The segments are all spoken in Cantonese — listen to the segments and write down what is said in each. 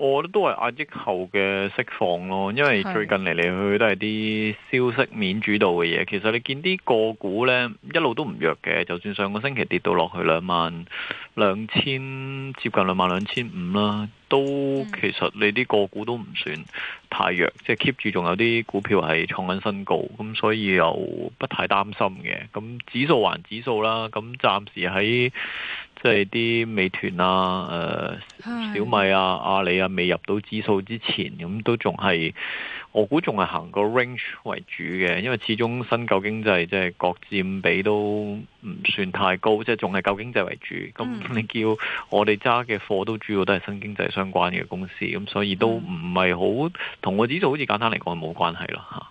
我覺得都係壓抑後嘅釋放咯，因為最近嚟嚟去去都係啲消息面主導嘅嘢。其實你見啲個股呢，一路都唔弱嘅，就算上個星期跌到落去兩萬兩千，接近兩萬兩千五啦，都其實你啲個股都唔算太弱，即係 keep 住仲有啲股票係創緊新高，咁所以又不太擔心嘅。咁指數還指數啦，咁暫時喺。即係啲美團啊、誒、呃、小米啊、阿里啊未入到指數之前，咁、嗯、都仲係我估仲係行個 range 為主嘅，因為始終新舊經濟即、就、係、是就是、各占比都唔算太高，即係仲係舊經濟為主。咁、嗯、你叫我哋揸嘅貨都主要都係新經濟相關嘅公司，咁、嗯、所以都唔係好同個指數好似簡單嚟講冇關係咯吓。啊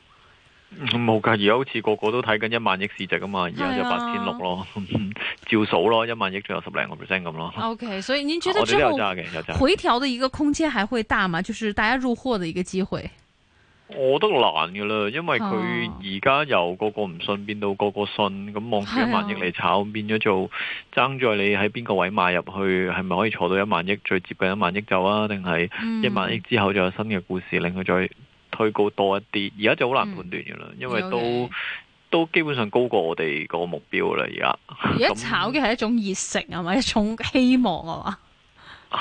冇噶，而家好似個個都睇緊一萬億市值噶嘛，而家就八千六咯，照數咯，一萬億仲有十零個 percent 咁咯。OK，所以你覺得、啊、之後回調嘅一個空間還會大嘛？就是大家入貨嘅一個機會。我都難噶啦，因為佢而家由個個唔信變到個個信，咁望住一萬億嚟炒，變咗做爭在你喺邊個位買入去，係咪可以坐到一萬億最接近一萬億就啊？定係一萬億之後就有新嘅故事令佢再？嗯推高多一啲，而家就好難判斷嘅啦，嗯、因為都 Okay. 都基本上高過我哋個目標啦。而家而家炒嘅係一種熱誠係咪？一種希望啊嘛。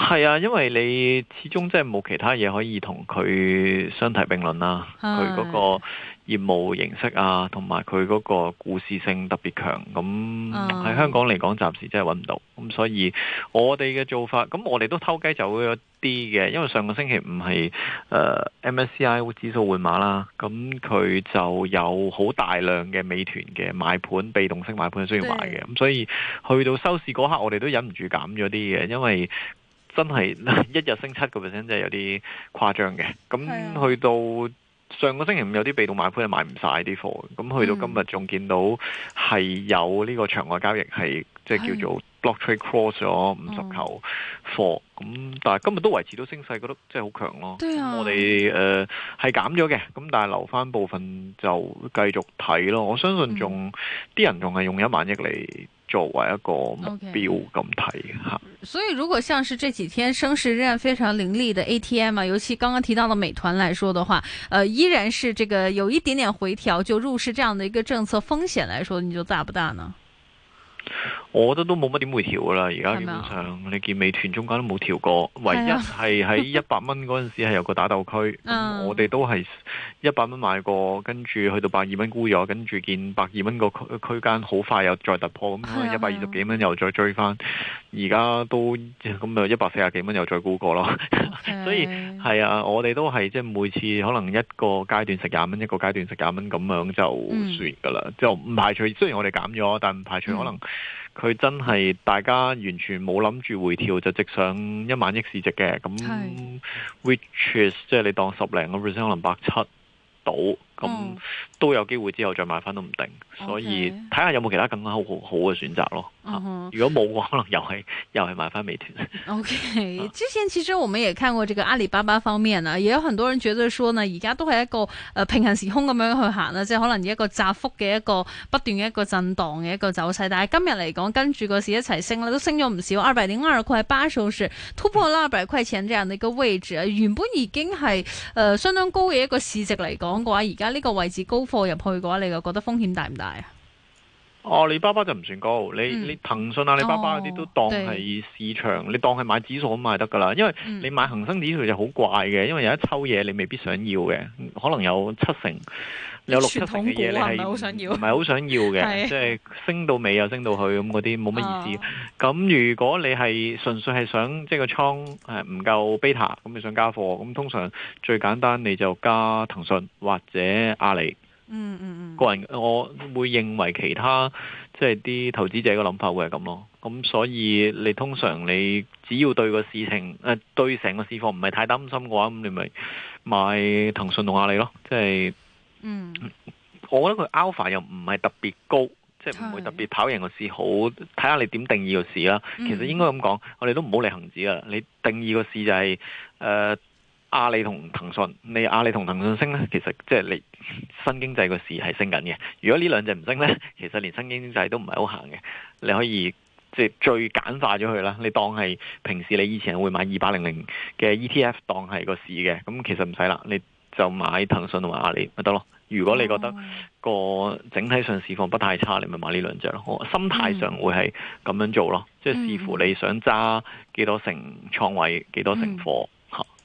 係啊，因為你始終真係冇其他嘢可以同佢相提並論啦，佢嗰、 嗰個。 業務形式啊，同埋佢嗰個故事性特別強，咁喺香港嚟講暫時真係揾唔到，咁所以我哋嘅做法，咁我哋都偷雞走咗一啲嘅，因為上個星期五係、呃、MSCI 指數換碼換馬啦，咁佢就有好大量嘅美團嘅買盤，被動性買盤需要買嘅，咁對所以去到收市嗰刻，我哋都忍唔住減咗啲嘅，因為真係一日升七個 percent 真係有啲誇張嘅，咁去到。上個星期五有啲被動買盤係買唔晒啲貨，咁去到今日仲見到係有呢個場外交易係即係叫做 block trade cross 咗五十球貨，咁、嗯、但係今日都維持到升勢，覺得即係好強咯。啊、我哋誒係減咗嘅，咁、呃、但係留翻部分就繼續睇咯。我相信仲啲、嗯、人仲係用一萬億嚟。作為一個目標咁睇吓，Okay. 所以如果像是這幾天升勢仍然非常凌厲的 ATM，啊，尤其剛剛提到的美團來說的話，呃，依然是這個有一點點回調，就入市這樣的一個政策風險來說，你就大不大呢？我覺得都冇乜點會調噶啦，而家基本上嗎你見美團中間都冇調過，唯一係喺一百蚊嗰陣時係有個打鬥區， 我哋都係一百蚊買過，跟住去到百二蚊沽咗，跟住見百二蚊個區區間好快又再突破咁樣，可能一百二十幾蚊又再追翻，而家嗎都咁就一百四十幾蚊又再沽過咯。 Okay. 所以係啊，我哋都係即係每次可能一個階段食廿蚊，一個階段食廿蚊咁樣就算噶啦，嗯、就唔排除雖然我哋減咗，但唔排除可能。佢真係大家完全冇諗住回調，就直上一萬億市值嘅，咁是 which is 即係你當十零個 percent 能百七到。咁、嗯、都有機會之後再買翻都唔定，Okay. 所以睇下有冇其他更加好好嘅選擇咯。Uh huh. 如果冇，可能又係又係買翻美團。O Okay . K，、啊、之前其實我們也睇過這個阿里巴巴方面呢，也有很多人覺得說呢，而家都係一個誒平行時空嘅方向，呢即係可能一個窄幅嘅一個不斷嘅一個震盪嘅一個走勢。但係今日嚟講，跟住個市一齊升啦，都升咗唔少。二百點二個巴數説突破啦，二百塊錢這樣嘅位置，原本已經係誒、呃、相當高嘅一個市值嚟講嘅話，而家。呢個位置高貨入去嘅話，你就覺得風險大唔大啊？哦，阿里巴巴就唔算高，你、嗯、你騰訊啊，阿里巴巴嗰啲都當係市場，哦、你當係買指數咁買得噶啦。因為你買恒生指數就好怪嘅，因為有一抽嘢你未必想要嘅，可能有七成，有六七成嘅嘢你唔係好想要？唔係好想要嘅，即係升到尾又升到去咁，嗰啲冇乜意思。咁、啊、如果你係純粹係想即係個倉誒唔夠 beta，咁你想加貨，咁通常最簡單你就加騰訊或者阿里。嗯嗯嗯。個人我會認為其他即係啲投資者嘅諗法會係咁咯。咁所以你通常你只要對個事情誒、呃、對成個市況唔係太擔心嘅話，咁你咪買騰訊同阿里咯。即係。嗯，我覺得佢 alpha 又唔係特別高，即係唔會特別跑贏個市好。好睇下你點定義個市啦。其實應該咁講，我哋都唔好理恒指啊。你定義個市就係、是、誒、呃、阿里同騰訊，你阿里同騰訊升咧，其實即係你新經濟個市係升緊嘅。如果呢兩隻唔升咧，其實連新經濟都唔係好行嘅。你可以即係、就是、最簡化咗佢啦，你當係平時你以前會買二百零零嘅 ETF 當係個市嘅，咁其實唔使啦，你。就買騰訊同埋阿里咪得咯。如果你覺得個整體上市況不太差，你咪買呢兩隻咯。我心態上會係咁樣做咯，即係、嗯、視乎你想揸幾多成倉位，幾多成貨。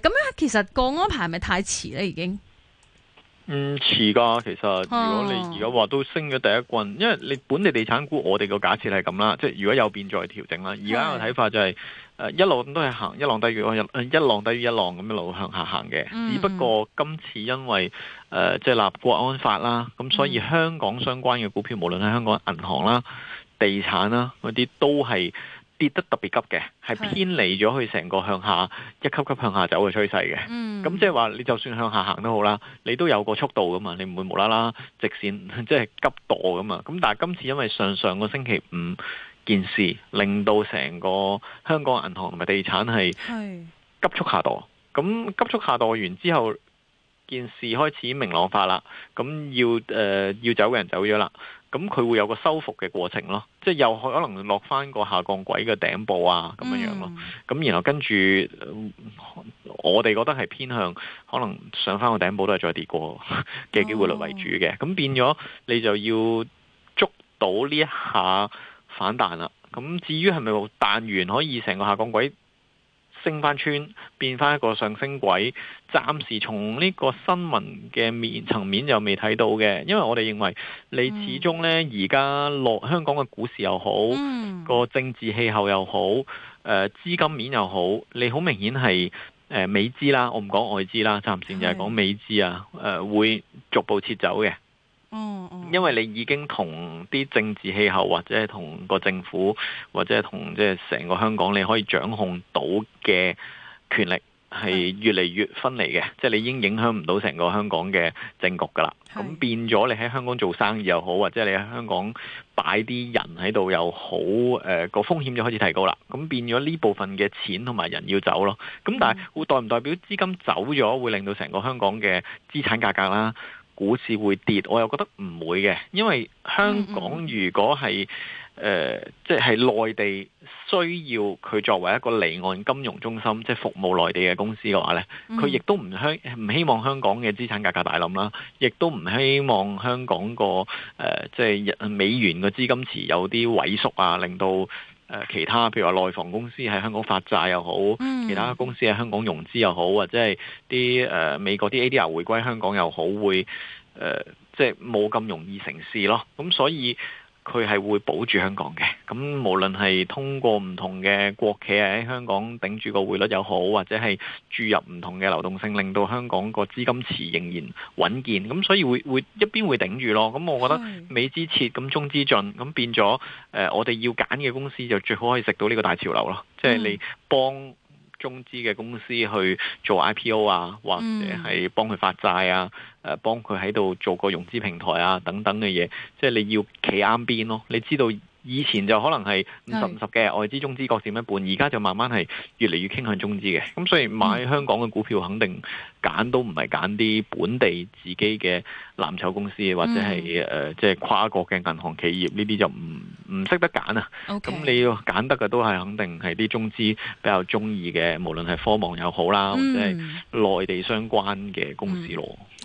咁樣其實個安排係咪太遲咧？已經唔遲噶，其實如果你而家話都升咗第一棍，啊、因為你本地地產股，我哋個假設係咁啦，即係如果有變再調整啦。而家個睇法就係、是、誒是的、呃，一路都係行一浪低於一浪，一浪低於一浪咁一路向下行嘅。只、嗯嗯、不過今次因為誒即係立國安法啦，咁所以香港相關嘅股票，嗯、無論係香港銀行啦、地產啦嗰啲，都係。跌得特別急嘅，係偏離咗佢成個向下一級級向下走嘅趨勢嘅。咁即係話，就你就算向下行都好啦，你都有個速度噶嘛，你唔會無啦啦直線即係急墮噶嘛。咁但係今次因為上上個星期五件事，令到成個香港銀行同埋地產係急速下墮。咁是急速下墮完之後，件事開始明朗化啦。咁要誒、呃、要走嘅人走咗啦。咁佢會有個修復嘅過程咯，即係又可能落翻個下降軌嘅頂部啊，咁樣樣咯。咁、嗯、然後跟住，我哋覺得係偏向可能上翻個頂部都係再跌過嘅機會率為主嘅。咁、哦、變咗你就要捉到呢一下反彈啦。咁至於係咪彈完可以成個下降軌？升翻村變翻一個上升軌。暫時從呢個新聞嘅面層面就未睇到嘅，因為我哋認為你始終咧而家落香港嘅股市又好，嗯、個政治氣候又好，誒、呃、資金面又好，你好明顯係誒美資啦，我唔講外資啦，暫時就係講美資啊，誒、呃、會逐步撤走嘅。哦，因為你已經同啲政治氣候或者係同個政府或者係同即係成個香港你可以掌控到嘅權力係越嚟越分離嘅，是即係你已經影響唔到成個香港嘅政局噶啦。咁是變咗你喺香港做生意又好，或者你喺香港擺啲人喺度又好，誒、呃、個風險就開始提高啦。咁變咗呢部分嘅錢同埋人要走咯。咁、嗯、但係會代唔代表資金走咗會令到成個香港嘅資產價格啦？股市會跌，我又覺得唔會嘅，因為香港如果係誒，即係內地需要佢作為一個離岸金融中心，即係服務內地嘅公司嘅話咧，佢亦都唔香唔希望香港嘅資產價格大冧啦，亦都唔希望香港個，誒，即係美元嘅資金池有啲萎縮啊，令到誒其他，譬如話內房公司喺香港發債又好，其他公司喺香港融資又好，或者係啲誒美國啲 ADR 回歸香港又好，會誒、呃、即係冇咁容易成事咯。咁所以。佢係會保住香港嘅，咁無論係通過唔同嘅國企喺香港頂住個匯率又好，或者係注入唔同嘅流動性，令到香港個資金池仍然穩健，咁所以會會一邊會頂住咯。咁我覺得美，美資撤咁中資進，咁變咗誒、呃，我哋要揀嘅公司就最好可以食到呢個大潮流咯，即係你幫。中資嘅公司去做 IPO 啊，或者係幫佢發債啊，誒、呃、幫佢喺度做個融資平台啊，等等嘅嘢，即係你要企啱邊咯，你知道。以前就可能係五十五十，嘅外資中資各佔一半，而家就慢慢係越嚟越傾向中資嘅，咁所以買香港嘅股票，肯定揀都唔係揀啲本地自己嘅藍籌公司，或者係誒即係跨國嘅銀行企業呢啲，就唔唔識得揀啊，咁、嗯、你要揀得嘅都係肯定係啲中資比較中意嘅，無論係科網又好啦，或者係內地相關嘅公司咯。嗯嗯。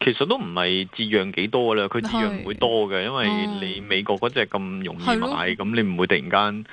其實都唔係節量幾多嘅啦，佢節量唔會多嘅，是因為你美國嗰隻咁容易買，咁的你唔會突然間。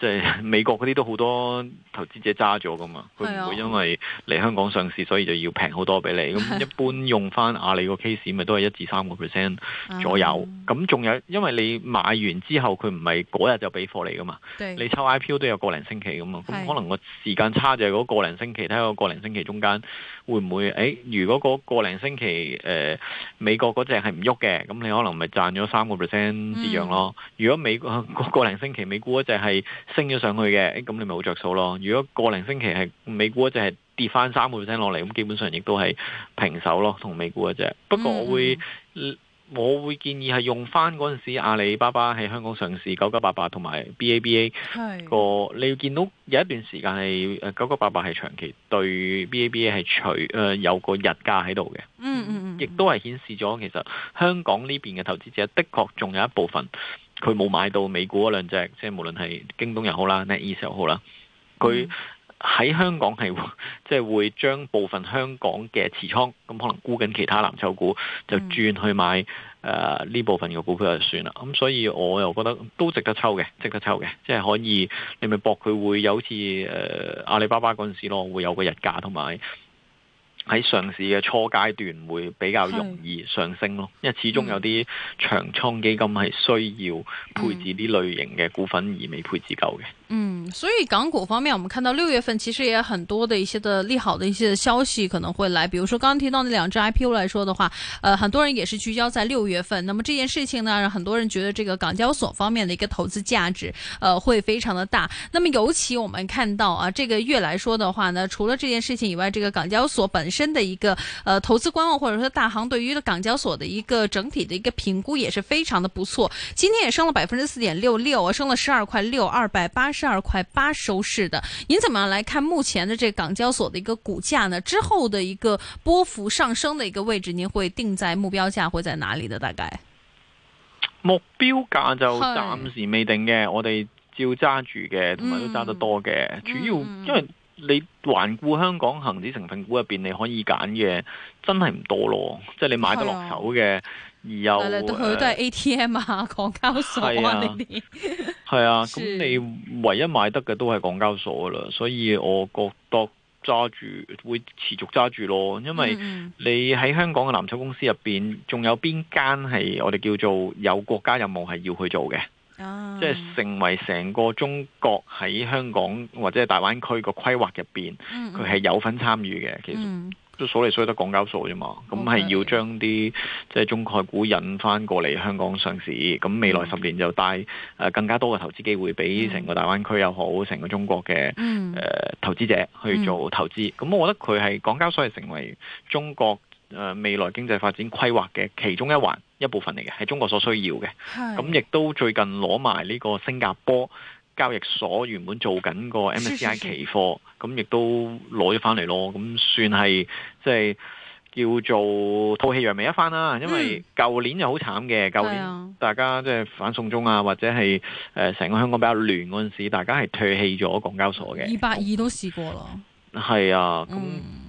即係美國嗰啲都好多投資者揸咗噶嘛，佢唔會因為嚟香港上市，所以就要平好多俾你。咁一般用翻阿里個 case 咪 都係一至三個 percent 左右。咁仲、嗯、有，因為你買完之後佢唔係嗰日就俾貨你噶嘛，對你抽 IPO 都有個零星期噶嘛。咁可能個時間差就係嗰個零星期，睇下個零星期中間會唔會？誒、欸，如果嗰個零星期誒、呃、美國嗰隻係唔喐嘅，咁你可能咪賺咗三個 percent 啲樣咯。嗯、如果美國、嗰個零星期美股嗰隻係升咗上去嘅，咁、欸、你咪好着數咯。如果個零星期係美股一隻係跌翻三個 percent 落嚟，咁基本上亦都係平手咯，同美股一隻。不過我會、嗯、我會建議係用翻嗰陣時阿里巴巴喺香港上市九九八八同埋 BABA 個，你會見到有一段時間係九九八八係長期對 BABA 係 BA 除誒有個溢價喺度嘅。嗯嗯嗯，亦都係顯示咗其實香港呢邊嘅投資者的確仲有一部分。佢冇買到美股嗰兩隻，即係無論係京東又好啦、netease 又好啦，佢喺香港係即係會將部分香港嘅持倉，咁可能沽緊其他藍籌股，就轉去買誒呢、呃、部分嘅股票就算啦。咁、嗯、所以我又覺得都值得抽嘅，值得抽嘅，即係可以，你咪搏佢會有好似誒、呃、阿里巴巴嗰陣時咯，會有個日價同埋。喺上市嘅初階段會比較容易上升咯，是因為始終有啲長倉基金係需要配置啲類型嘅股份而未配置夠嘅。嗯，所以港股方面，我們看到六月份其實也很多的一些的利好的一些消息可能會來。比如說剛剛提到那兩隻 IPO 來說的話，呃，很多人也是聚焦在六月份。那麼這件事情呢，讓很多人覺得這個港交所方面的一個投資價值，呃，會非常的大。那麼尤其我們看到啊，這個月來說的話呢，除了這件事情以外，這個港交所本身。真的一個，呃，投資觀望或者說大行對於的港交所的一個整體的一個評估也是非常的不錯。今天也升了百分之四點六六，啊升了十二塊六，二百八十二塊八收市的。您怎麼樣來看目前的這港交所的一個股價呢？之後的一個波幅上升的一個位置，您會定在目標價會在哪裏的？大概目標價就暫時未定嘅，是我哋照揸住嘅，同埋都揸得多嘅，主要、嗯、因為。你環顧香港恒指成分股入邊，你可以揀嘅真係唔多咯，即係你買得落手嘅，而有佢的、呃、都係 ATM 啊，港交所嗰啲，係啊，咁、啊、 的你唯一買得嘅都係港交所啦，所以我覺得揸住會持續揸住咯，因為你喺香港嘅藍籌公司入邊，仲有邊間係我哋叫做有國家任務係要去做嘅？即係成為成個中國喺香港或者係大灣區個規劃入邊，佢係有份參與嘅。其實都數嚟數去都港交所啫嘛，咁係要將啲即係中概股引翻過嚟香港上市，咁未來十年就帶誒更加多嘅投資機會俾成個大灣區又好，成個中國嘅誒投資者去做投資。咁我覺得佢係港交所係成為中國誒未來經濟發展規劃嘅其中一環。一部分嚟嘅，係中國所需要嘅。咁亦是都最近攞埋呢個新加坡交易所原本做緊個 MSCI 期貨，咁亦都攞咗翻嚟咯。咁算係即係叫做吐氣揚眉一番啦。因為舊年就好慘嘅，舊、嗯、年大家即係、就是、反送中啊，或者係誒成個香港比較亂嗰陣時，大家係唾棄咗港交所嘅。二百二都試過啦。係、嗯、啊，咁。嗯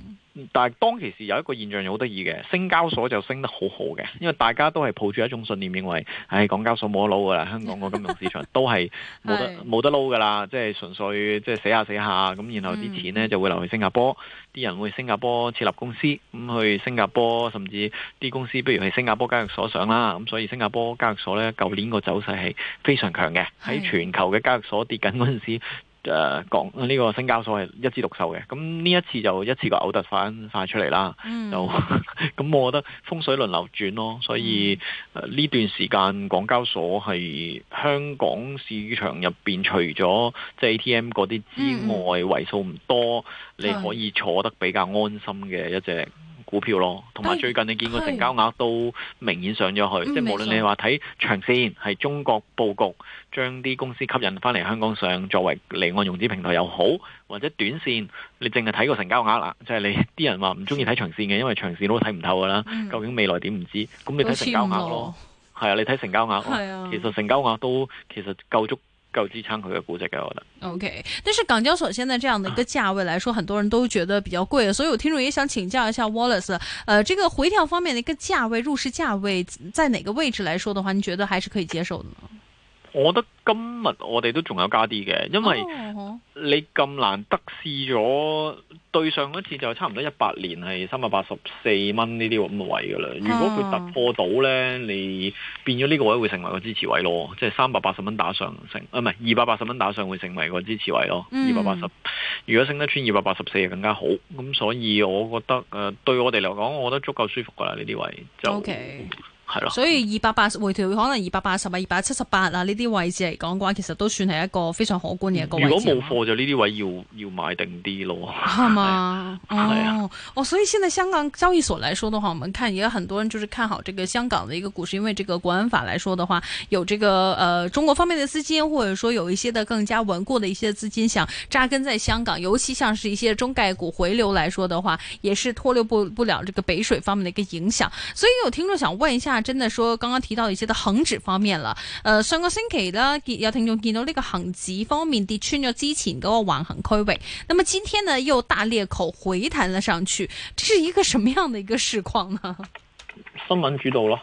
但係當其時有一個現象又好得意嘅，新交所就升得好好嘅，因為大家都係抱住一種信念，認為，唉，港交所冇得撈㗎啦，香港個金融市場 都係冇得冇是得撈㗎啦，即係純粹即係死下死下咁，然後啲錢呢就會流去新加坡，啲人會去新加坡設立公司，咁去新加坡甚至啲公司，不如去新加坡交易所上啦，咁所以新加坡交易所呢，舊年個走勢係非常強嘅，喺全球嘅交易所跌緊嗰陣時。誒講呢個新交所係一枝獨秀嘅，咁呢一次就一次過嘔突返晒出嚟啦。嗯，就咁、 嗯，我覺得風水輪流轉咯。所以呢、呃、段時間，港交所係香港市場入邊，除咗即係 ATM 嗰啲之外，為數唔多，嗯、你可以坐得比較安心嘅一隻，股票咯，同埋最近你見過成交額都明顯上咗去，嗯、即係無論你話睇長線係中國布局將啲公司吸引翻嚟香港上作為離岸融資平台又好，或者短線你淨係睇個成交額啦，即係你啲人話唔中意睇長線嘅，因為長線都睇唔透嘅啦，嗯、究竟未來點唔知，咁你睇成交額咯，係、嗯、啊，你睇成交額，啊、其實成交額都其實夠足。夠支撐佢嘅估值嘅，我諗。OK，但是港交所現在這樣的一個價位來說，嗯、很多人都覺得比較貴，所以有聽眾也想請教一下 Wallace，呃，這個回調方面的一個價位，入市價位在哪個位置來說的話，您覺得還是可以接受的呢？我覺得今日我哋都仲有加啲嘅，因為你咁難得試咗對上一次就差唔多一百年係三百八十四蚊呢啲咁嘅位噶啦。如果佢突破到呢，啊、你變咗呢個位會成為個支持位咯。即係三百八十蚊打上成，啊唔係二百八十蚊打上會成為個支持位咯。二百八十，如果升得穿二百八十四就更加好。咁所以我覺得誒、呃，對我哋嚟講，我覺得足夠舒服噶啦呢啲位就。Okay。係咯，所以二百八十回調可能二百八十八，二百七十八啊呢啲位置嚟講嘅話，其實都算係一個非常可觀嘅一個。如果冇貨，就呢啲位要要買定啲咯。係嘛，係啊，哦，所以現在香港交易所來說的話，我們看也有很多人就是看好這個香港的一個股市，因為這個國安法來說的話，有這個呃中國方面的資金，或者說有一些的更加穩固的一些資金想扎根在香港，尤其像是一些中概股回流來說的話，也是脫離不不了這個北水方面的一個影響。所以有聽眾想問一下。真的說，剛剛提到一些的恒指方面啦，誒、呃，上個星期咧，有聽眾見到呢個恒指方面跌穿咗之前嗰個橫行區域，那麼今天呢又大裂口回彈了上去，這是一個什麼樣的一個市況呢？新聞主導咯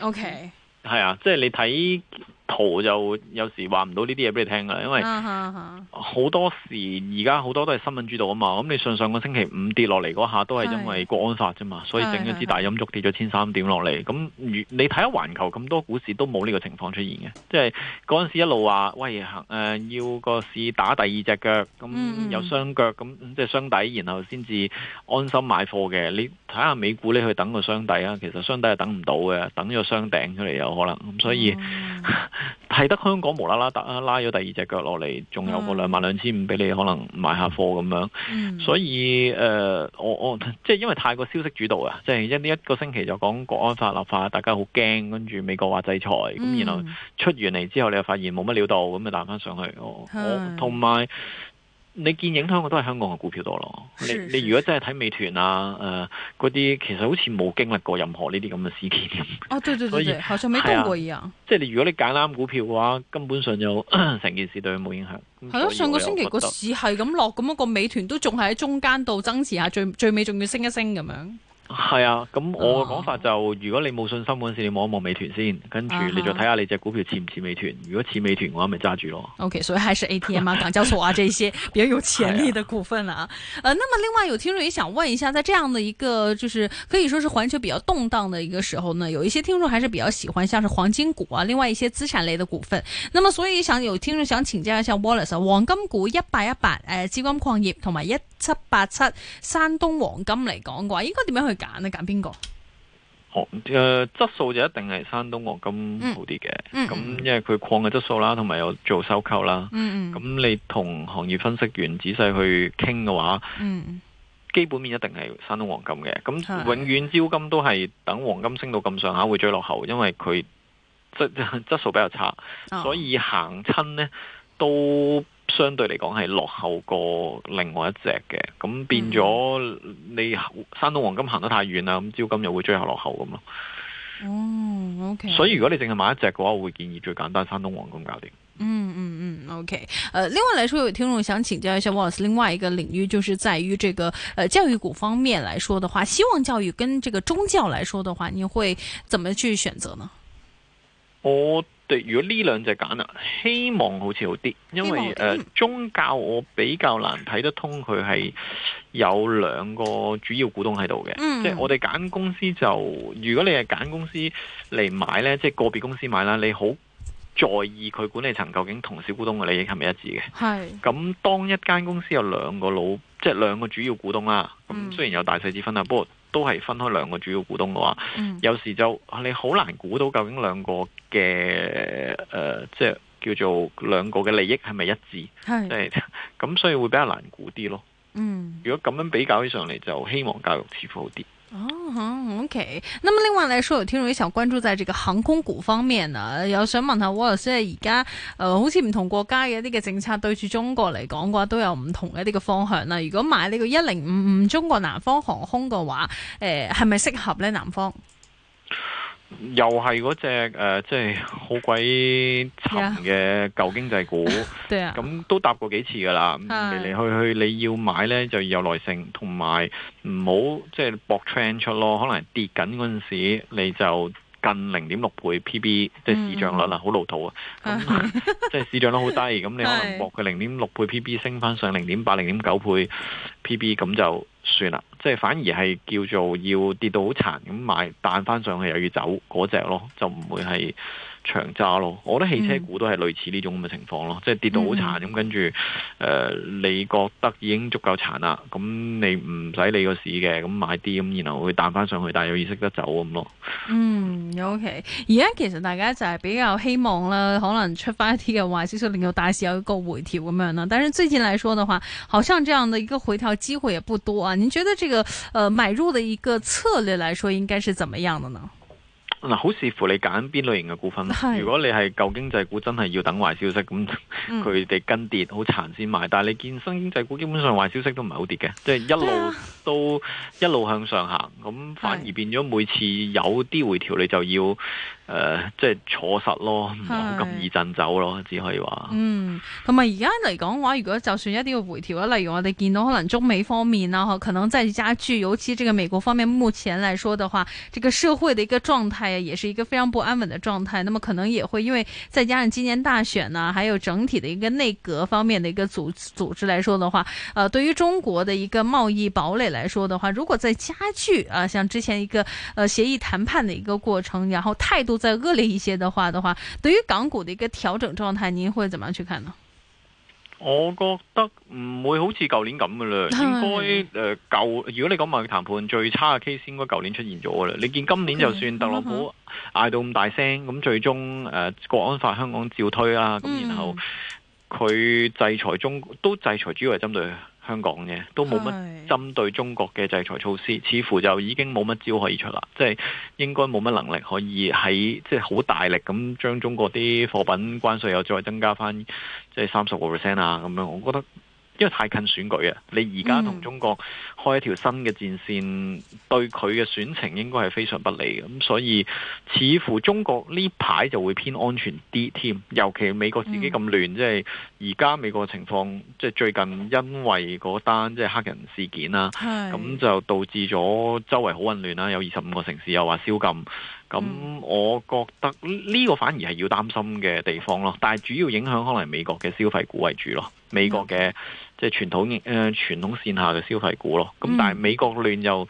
，OK，係啊，即係你睇，圖就有時話唔到呢啲嘢俾你聽噶，因為好多時而家好多都係新聞主導啊嘛，咁你上上個星期五跌落嚟嗰下都係因為國安法啫嘛，所以整咗支大陰燭跌咗千三點落嚟。咁如你睇下環球咁多股市都冇呢個情況出現嘅，即係嗰陣時一路話喂誒、呃、要個市打第二隻腳，咁有雙腳咁即係雙底，然後先至安心買貨嘅。你睇下美股你去等個雙底啊，其實雙底係等唔到嘅，等咗雙頂出嚟有可能咁，所以。嗯係得香港無啦啦突然，拉咗第二隻腳落嚟，仲有個兩萬兩千五俾你，可能買下貨咁樣。嗯、所以誒、呃，我我即係因為太過消息主導啊，即係一呢一個星期就講國安法立法，大家好驚，跟住美國話制裁，咁、嗯、然後出完嚟之後，你又發現冇乜料到，咁就彈翻上去。我、嗯、我同埋。你見影響我都係香港嘅股票多咯。你你如果真係睇美團啊，誒嗰啲其實好似冇經歷過任何呢啲咁嘅事件。哦、啊，對對對，對，係上未通過嘢啊！即係你如果你揀啱股票嘅話，根本上就成件事對佢冇影響。係咯、啊，上個星期個市係咁落，咁樣、個美團都仲係喺中間度增持下，最最尾仲要升一升咁樣。係啊，咁、嗯啊、我嘅講法就是，如果你冇信心嗰陣，你望一望美團先，跟住你再睇下你隻股票似唔似美團。如果似美團嘅話，咪揸住咯。OK，所以還是 ATM 啊，港交所啊，這些比較有潛力的股份啦、啊。 啊、呃，那麼另外有聽眾也想問一下，在這樣的一個就是可以說是環球比較動盪的一個時候呢，有一些聽眾還是比較喜歡像是黃金股啊，另外一些資產類的股份。那麼所以想有聽眾想請教，一下 Wallace、啊、黃金股一八一八，誒，紫金礦業同埋一七八七山東黃金嚟講嘅話，應該點樣去？揀咧，揀邊個？哦，呃、質素就一定係山東黃金好啲嘅。咁、嗯嗯、因為佢礦嘅質素啦，同埋有做收購啦。咁、嗯嗯、你同行業分析員仔細去傾嘅話，嗯、基本面一定係山東黃金嘅。咁永遠招金都係等黃金升到咁上下會最落後，因為佢質質素比較差，嗯、所以行親呢都，相對嚟講係落後過另外一隻嘅，咁變咗你山東黃金行得太遠啦，咁招金又會最後落後咁咯。哦、嗯，OK。所以如果你淨係買一隻嘅話，我會建議最簡單山東黃金搞掂，嗯。嗯嗯嗯，OK，呃。誒，另外來說，有聽眾想請教一下 Wallace，另外一個領域就是在於這個誒教育股方面來說的話，希望教育跟這個中教來說的話，你會怎麼去選擇呢？我、呃。對，如果呢兩隻揀啦，希望好似好啲，因為誒、呃、宗教，我比較難睇得通，佢係有兩個主要股東喺度嘅，嗯、即係我哋揀公司就，如果你係揀公司嚟買呢，即係個別公司買啦，你好在意佢管理層究竟同小股東嘅利益係咪一致嘅？係是。咁當一間公司有兩個老，即係兩個主要股東啦，咁、嗯、雖然有大細之分啦，不過。都係分開兩個主要股東嘅話，嗯、有時就你好難估到究竟兩個嘅誒、呃，即係叫做兩個嘅利益係咪一致，即係咁，所以會比較難估啲咯。嗯，如果咁樣比較起上嚟，就希望教育似乎好啲。好、嗯、OK，咁另外來說，有聽眾也想關注在這個航空股方面啊，有想問下我，即係而家，誒、呃，好似唔同國家嘅一啲嘅政策對住中國嚟講嘅話，都有唔同一啲嘅方向啦。如果買呢個一零五五中國南方航空嘅話，誒、呃，係咪適合咧，南方？又係嗰隻誒，即係好鬼沉嘅舊經濟股，咁 Yeah. 都搭過幾次噶啦，嚟嚟 Yeah. 去去，你要買呢就要有耐性，同埋唔好即係搏 trend 出咯，可能跌緊嗰陣時你就。近零點六倍 PB，即係市賬率啊，好、嗯嗯、老土啊，咁、 嗯、即係市賬率好低，咁 你可能博佢零點六倍 PB 升翻上零點八、零點九倍 PB，咁就算啦，即係反而係叫做要跌到好殘咁買，彈翻上去又要走嗰隻咯，就唔會係，長揸咯，我覺得汽車股都係類似呢種咁嘅情況咯，嗯、即係跌到好殘咁，跟住誒，你覺得已經足夠殘啦，咁、嗯、你唔使理個市嘅，咁、嗯、買啲咁，然後會彈翻上去，但係有意識得走咁咯。嗯，OK，而家其實大家就係比較希望啦，可能出返啲嘅外資就令到大市有一個回調咁樣啦。但是最近來說的話，好像這樣的一個回調機會也不多啊。你覺得這個誒、呃、買入的一個策略來說，應該是怎麼樣的呢？嗱，好視乎你揀邊類型嘅股份。是如果你係舊經濟股，真係要等壞消息，咁佢哋跟跌好、嗯、殘先買。但係你見新經濟股，基本上壞消息都唔係好跌嘅，即係一路都一路向上行。咁是反而變咗每次有啲回調，你就要。誒、呃，即係坐實咯，唔好咁易振走咯，是只可以話。嗯，同埋而家嚟講嘅話，如果就算一定要回調啊，例如我哋見到可能中美方面呢，可能再加劇，尤其這個美國方面目前來說的話，這個社會的一個狀態啊，也是一個非常不安穩的狀態。那麼可能也會因為再加上今年大選呢、啊，還有整體的一個內閣方面的一個組組織來說的話，誒、呃，對於中國的一個貿易堡壘來說的話，如果再加劇啊，像之前一個誒協、呃、議談判的一個過程，然後態度。再惡劣一些的話的話，對於港股的一個調整狀態，你會怎麼樣去看呢？我覺得唔會好似舊年咁噶啦，應該誒舊、呃、如果你講貿易談判最差嘅 case，應該舊年出現咗噶啦。你見今年就算特朗 Okay. 普嗌到咁大聲，咁最終誒、呃、國安法香港照推啦、啊，咁然後佢制裁中都制裁，主要係針對。香港嘅都冇乜針對中國嘅制裁措施，似乎就已經冇乜招可以出啦。即係應該冇乜能力可以喺即係好大力咁將中國啲貨品關稅又再增加翻，即係三十個 percent 啊咁樣，我覺得。因為太近選舉啊，你而家同中國開一條新嘅戰線，嗯、對佢嘅選情應該係非常不利嘅。咁所以，似乎中國呢排就會偏安全啲添。尤其美國自己咁亂，即係而家美國情況，即、就、係、是、最近因為嗰單即係、就是、黑人事件啦，咁是就導致咗周圍好混亂啦。有二十五個城市又話宵禁。咁，嗯嗯、我覺得呢個反而係要擔心嘅地方咯。但係主要影響可能係美國嘅消費股為主咯，美國嘅、嗯、即係傳統誒、呃、傳統線下嘅消費股咯。咁但係美國亂又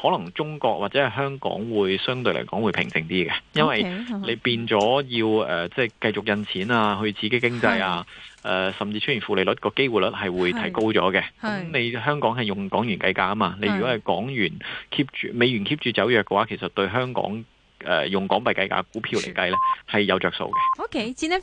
可能中國或者係香港會相對嚟講會平靜啲嘅，因為你變咗要誒、呃、即係繼續印錢啊，去刺激經濟啊，誒是、呃、甚至出現負利率個機會率係會提高咗嘅。咁、嗯、你香港係用港元計價啊嘛，你如果係港元 keep 住美元 keep 住走弱嘅話，其實對香港誒、呃，用港幣計價股票嚟計咧，係有着數嘅。OK，接咧。